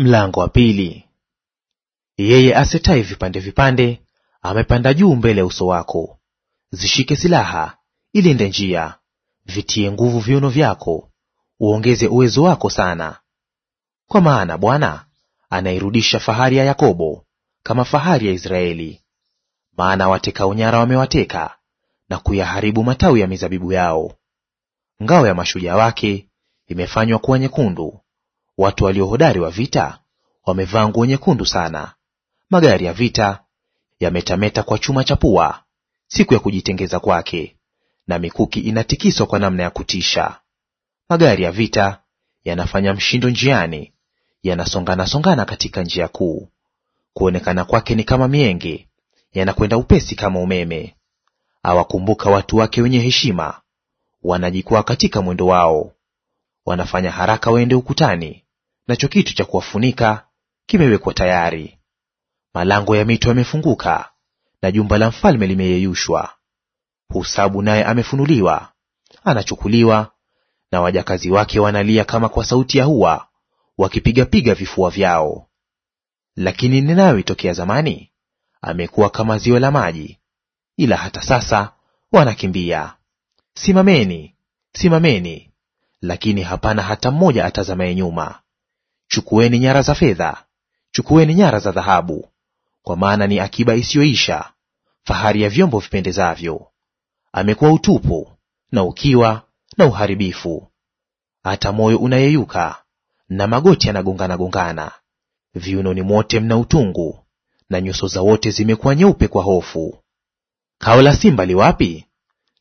Mlango wa pili. Yeye asetaye vipande vipande amepanda juu mbele ya uso wako. Zishike silaha, ilinde njia, vitie nguvu viuno vyako, uongeze uwezo wako sana. Kwa maana Bwana anairudisha fahari ya Yakobo kama fahari ya Israeli. Maana wateka unyara wamewateka na kuyaharibu matawi ya mizabibu yao. Ngao ya mashujaa wake imefanywa kuwa nyekundu Watu waliohodari wa vita wamevaa nguo nyekundu sana. Magari ya vita yametameta kwa chuma cha pua siku ya kujitengeza kwake, na mikuki inatikiswa kwa namna ya kutisha. Magari ya vita yanafanya mshindo njiani, yanasongana-songana katika njia kuu. Kuonekana kwake ni kama mienge, yanakwenda upesi kama umeme. Awakumbuka watu wake wenye heshima, wanajikwaa katika mwendo wao, wanafanya haraka waende ukutani, nacho kitu cha kuwafunika kimewekwa tayari. Malango ya mito yamefunguka, na jumba la mfalme limeyeyushwa. Husabu naye amefunuliwa, anachukuliwa, na wajakazi wake wanalia kama kwa sauti ya hua, wakipigapiga vifua vyao. Lakini Ninawi tokea zamani amekuwa kama ziwa la maji, ila hata sasa wanakimbia. Simameni, simameni! Lakini hapana hata mmoja atazamaye nyuma. Chukueni nyara za fedha, chukueni nyara za dhahabu, kwa maana ni akiba isiyoisha, fahari ya vyombo vipendezavyo. Amekuwa utupu na ukiwa na uharibifu, hata moyo unayeyuka na magoti yanagongana gongana. Viunoni mwote mna utungu, na nyuso za wote zimekuwa nyeupe kwa hofu. Kao la simba li wapi?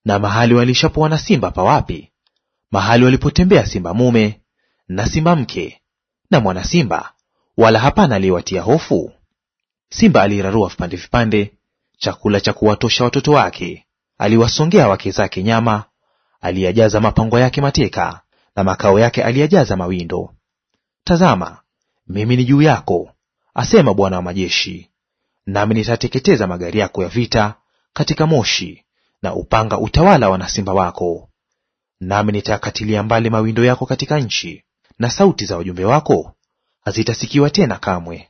Na mahali walishapoana simba pa wapi? Mahali walipotembea simba mume na simba mke, na mwana simba, wala hapana aliyewatia hofu? Simba alirarua vipande vipande chakula cha kuwatosha watoto wake, aliwasongea wake zake nyama, aliyajaza mapango yake mateka, na makao yake aliyajaza mawindo. Tazama, mimi ni juu yako, asema Bwana wa majeshi, nami nitateketeza magari yako ya vita katika moshi, na upanga utawala wanasimba wako. Nami nitakatilia mbali mawindo yako katika nchi, na sauti za wajumbe wako hazitasikiwa tena kamwe.